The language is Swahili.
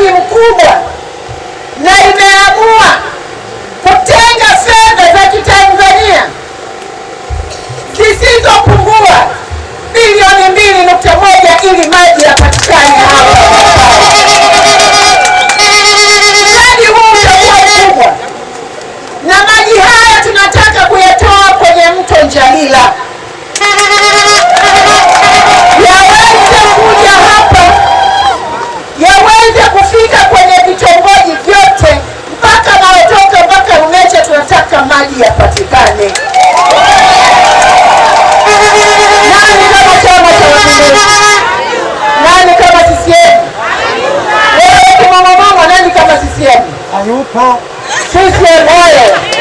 uwekezaji mkubwa na imeamua kutenga fedha za kitanzania zisizopungua bilioni mbili nukta moja ili maji yapatikane hapa. Mradi huu utakuwa kubwa na maji haya tunataka kuya 好，谢谢大爷。